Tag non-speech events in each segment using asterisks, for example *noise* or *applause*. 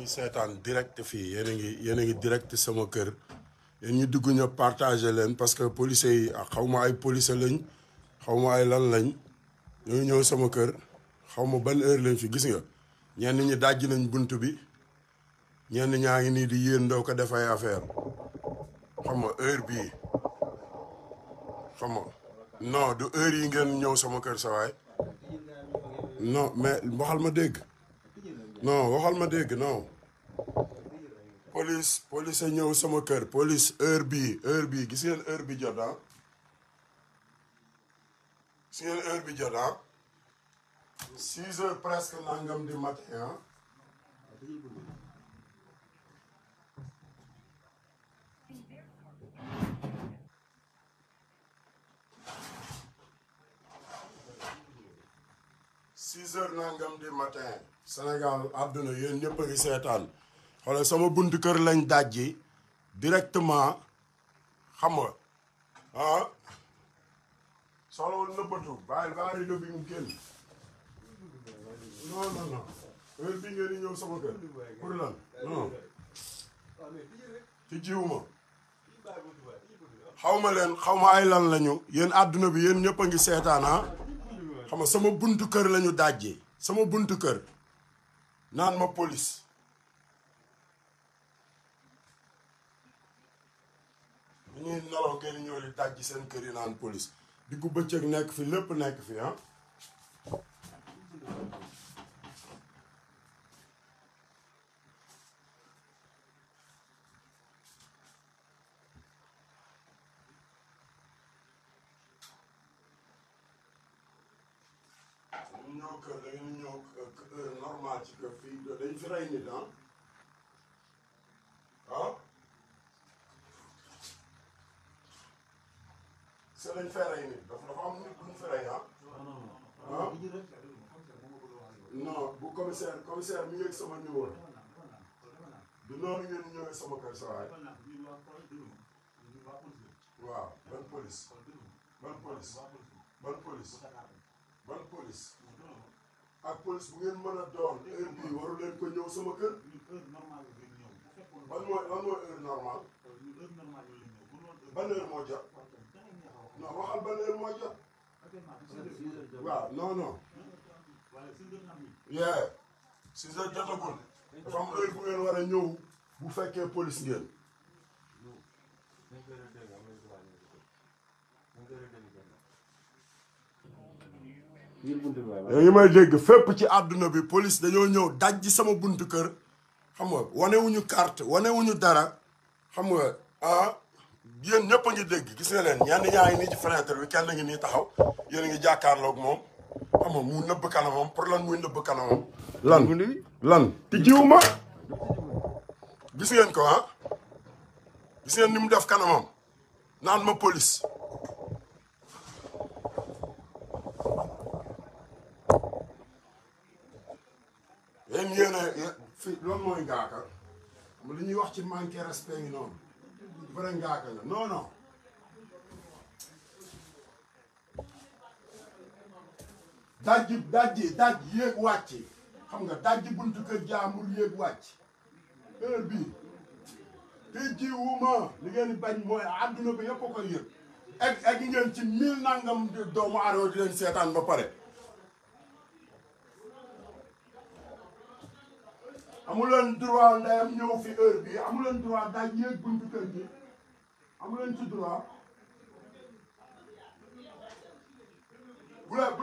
ñuy seetaan direct fii yéen ngi yéen a ngi direct sama kër yéen ñu dugg ñu partagé leen parce que policiers yi ah, xaw ma ay policier lañ xaw ma ay lan lañ ñoo ñëw sama kër xaw ma ban heure lañ fi gis nga ñenn ñi dajji nañ bunt bi ñenn ñaa ngi nii di yéen ndoo ko def ay affaire xam ma heure bii xam nga non du heure yi ngeen ñëw sama kër sa waay mais waxal ma dégg non waxal ma dégg non police police a ñëw sama kër police heure bii heure bii gis ngeen heure bi jot ah gis ngeen bi jot ah six heures di matin ah. six heures nangam du matin Sénégal àdduna yéen ñëpp a ngi seetaan xoolal sama buntu kër lañ dajji directement xam nga ah soxlawul nëbbatu bàyyi baa rajo bi mu génn non non non heure jiwuma xaw ma leen xaw ma ay lan lañu yéen àdduna bi yéen ñëpp a ngi seetaan ah xam nga sama buntu kër lañu ñu sama buntu kër naan ma police bu ñuy nelaw ngeen ñëw di dajji seen kër yi naan police diggu bëccëg nekk fi lépp nekk fi ah ñëw normal ci kër fii dañ fi rey nit ah waaw se lañ fee rey nit dafa dafa am nit bu mu fi rey ah ah non bu commissaire commissaire mi yëg sama niveau la du noonu ngeen ñëwee sama kër sa waay waaw ban police ban police ban police ban police ak police bu ngeen mën a doon heure bii waru leen ko ñëw sama kër. heure normale la ngeen ñëw. ban mooy ban mooy heure normale. heure normale la ngeen ñëw. ban heure moo jot. non waxal ban heure moo jot. waaw non non. yee. six heures jotagul. dafa am heure bu ngeen war a ñëw bu fekkee police ngeen. yaa ngi may dégg fépp ci àdduna bi police dañoo ñëw daj sama buntu kër xam nga wanewuñu carte wanewuñu dara xam nga ah yéen ñëpp a ngi dégg gis nga leen ñenn ñaa ngi nii ci fenêtre bi kenn ngi nii taxaw yéen a ngi jàkkaarloog moom xam nga mu nëbb kanamam pour lan muy nëbb kanamam. lan lan ti jiw ma ah? ni mu def kanamam naan ma police yéen fi loolu mooy ngaaka mu li ñuy wax ci manqué respect ngi noonu vrai ngaaka la non non dajji dajji dajji yéeg wàcc xam nga dajji buntu kër jaambur yéeg wàcc heure bii te jiwuma li bañ mooy adduna bi yëpp a koy yëg ngeen ci mille nangam doomu aadama di seetaan ba pare amuleen droit ndeyam ñëw fi heure bi amuleen droit daaj yéeg buntu kër gi amuleen ci droit bu leen bu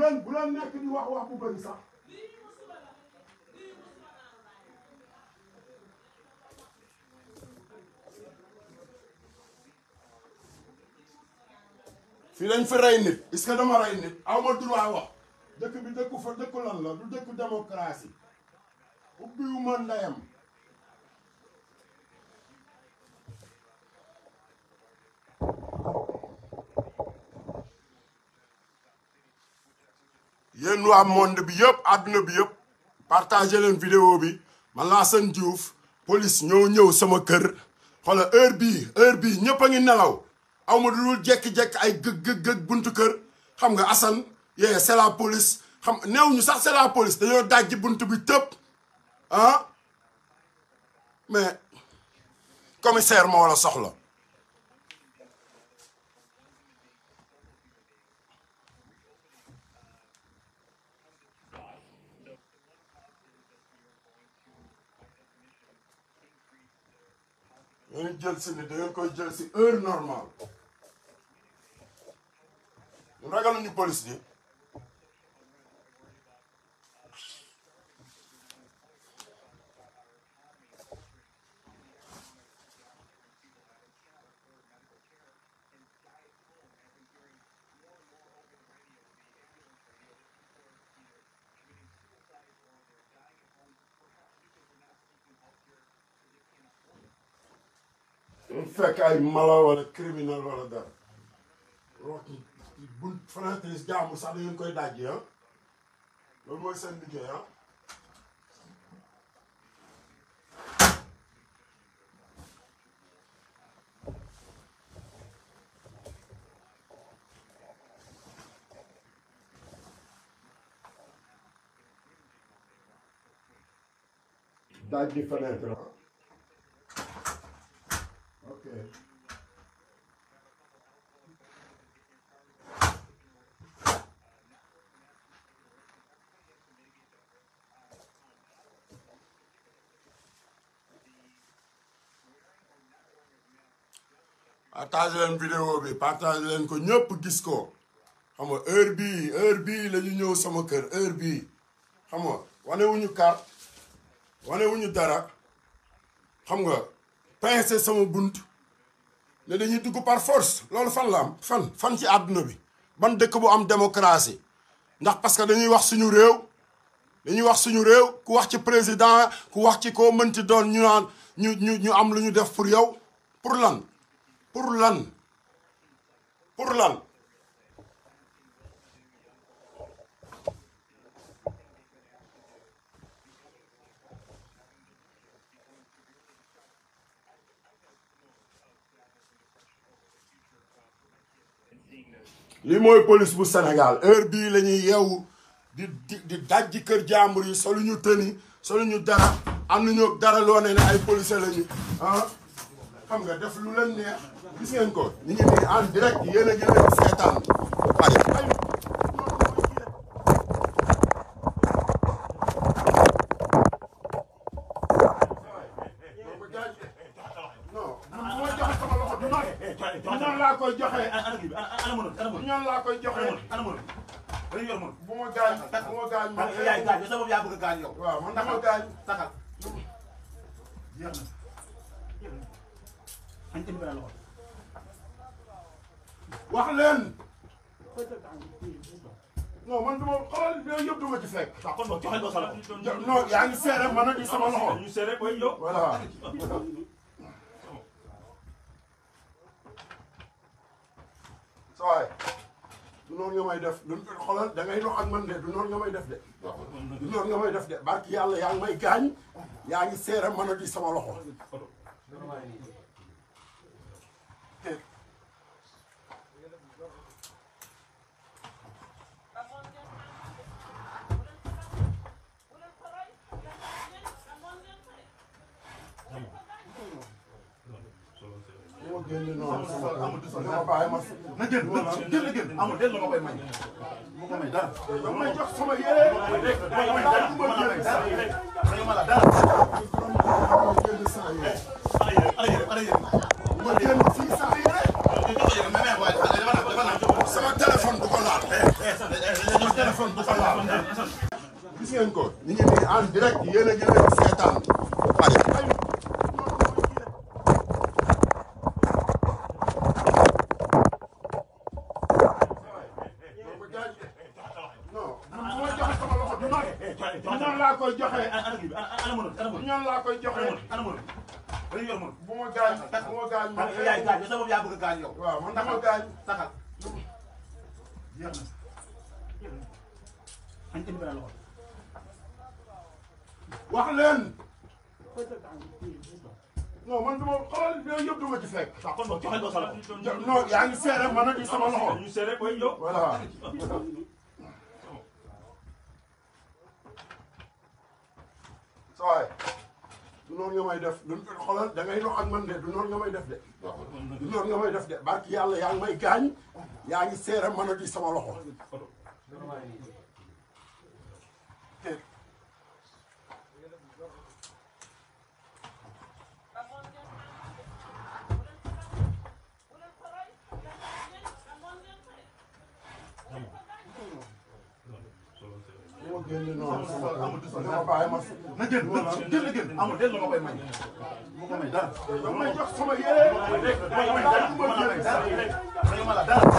leen bu leen nekk di wax wax bu bëri sax fii lañ dama rey nit aw ma droit wax dëkk bi dëkku fa la du dëkku démocratie ubbiwuma ndeyam yéen waa monde bi yëpp àdduna bi yëpp partagé leen vidéo bi man laa Assane Diouf police ñoo ñëw sama kër xoola heure bi heure bii ñëpp a ngi nelaw aw ma dul jékki-jékki ay gëg gëg buntu kër xam nga Assane yee c'est police xam néew sax c'est la police dañoo dajji buntu bi tëpp ah mais commissaire moo la soxla ñu jël si ni da ngeen koy jël si heure normale ñu ragaluñu police bi fekk ay mala wala criminel wala dara root ci bunt fenêtre jaamu sax da ngeen koy dajji ah loolu mooy seen liggéey ah fenêtre ah. partage leen vidéo bi partage leen ko ñëpp gis ko xam nga heure bii heure bii lañu ñëw sama kër heure bi xam nga wane wuñu carte wane wuñu dara xam nga pincé sama bunt ne dañuy dugg par force loolu fan la am fan fan ci àdduna bi ban dëkk bu am démocratie ndax parce que dañuy wax suñu réew dañuy wax suñu réew ku wax ci président ku wax ci koo mënti doon ñu naan ñu ñu ñu am lu ñu def pour yow pour lan pour lan pour lan li mooy police bu Sénégal heure bii la ñuy yeewu di di di dajji kër jàmbur yi solu ñu tëni solu ñu dara am nañu dara loo ne ay policier lañu ah xam nga def lu leen neex gis ngeen ko ñu ngi nii en direct yéen a ngi leen seetaan Paris ñoon laa koy joxe ñoon laa koy joxe bu ma gaañ bu ma gaañ man yaay gaañ sa bopp yaa bëgg gaañ yow waaw man dama gaañ bi la loxo wax leen. non man duma xoolal yooyu yëpp duma ci fekk. waaw kon donc joxe ko yaa ngi seere ma nag sama loxo. ñu seere koy yow. du noonu nga may def du man de du noonu nga may def de. du noonu nga may def de barki yàlla yaa ngi may gaañ. yaa ngi seere ma nag sama loxo. génn noonu sama sama bàyyi ma na jël jël na jël amul del ma koy may ma ko may dara da may jox sama yére ma la dara génn saa yére ala yére ala yére ma génn fii saa yére sama téléphone bu ko laal sama téléphone bu ko laal gis ngeen ko ñu ngi nii en direct yéen a ngi leen seetaan li ñu yor man. bu ma gaañ ndax bu ma gaañ. man yaay gaañ yow sa bopp yaa bëgg a gaañ yow. waaw man bu ma gaañ taxal jeex na. xañ indi benn loxo. wax leen. non man duma xoolal yooyu yëpp duma ci fekk. waaw kon donc joxe ko sa loxo. non yaa ngi seere man nag sama loxo. ñu seere koy yow. voilà. sooy. *laughs* noonu nga may def du xoolal da ngay dox ak man de du noonu nga may def de. du noonu nga may def de barki yàlla yaa ngi may gaañ yaa ngi seere mën a di sama loxo. génn noonu sama na jël jël na jël amul delloo ma koy may. ma ko may dara. ma may jox sama yéen. ma may dara ma may dara.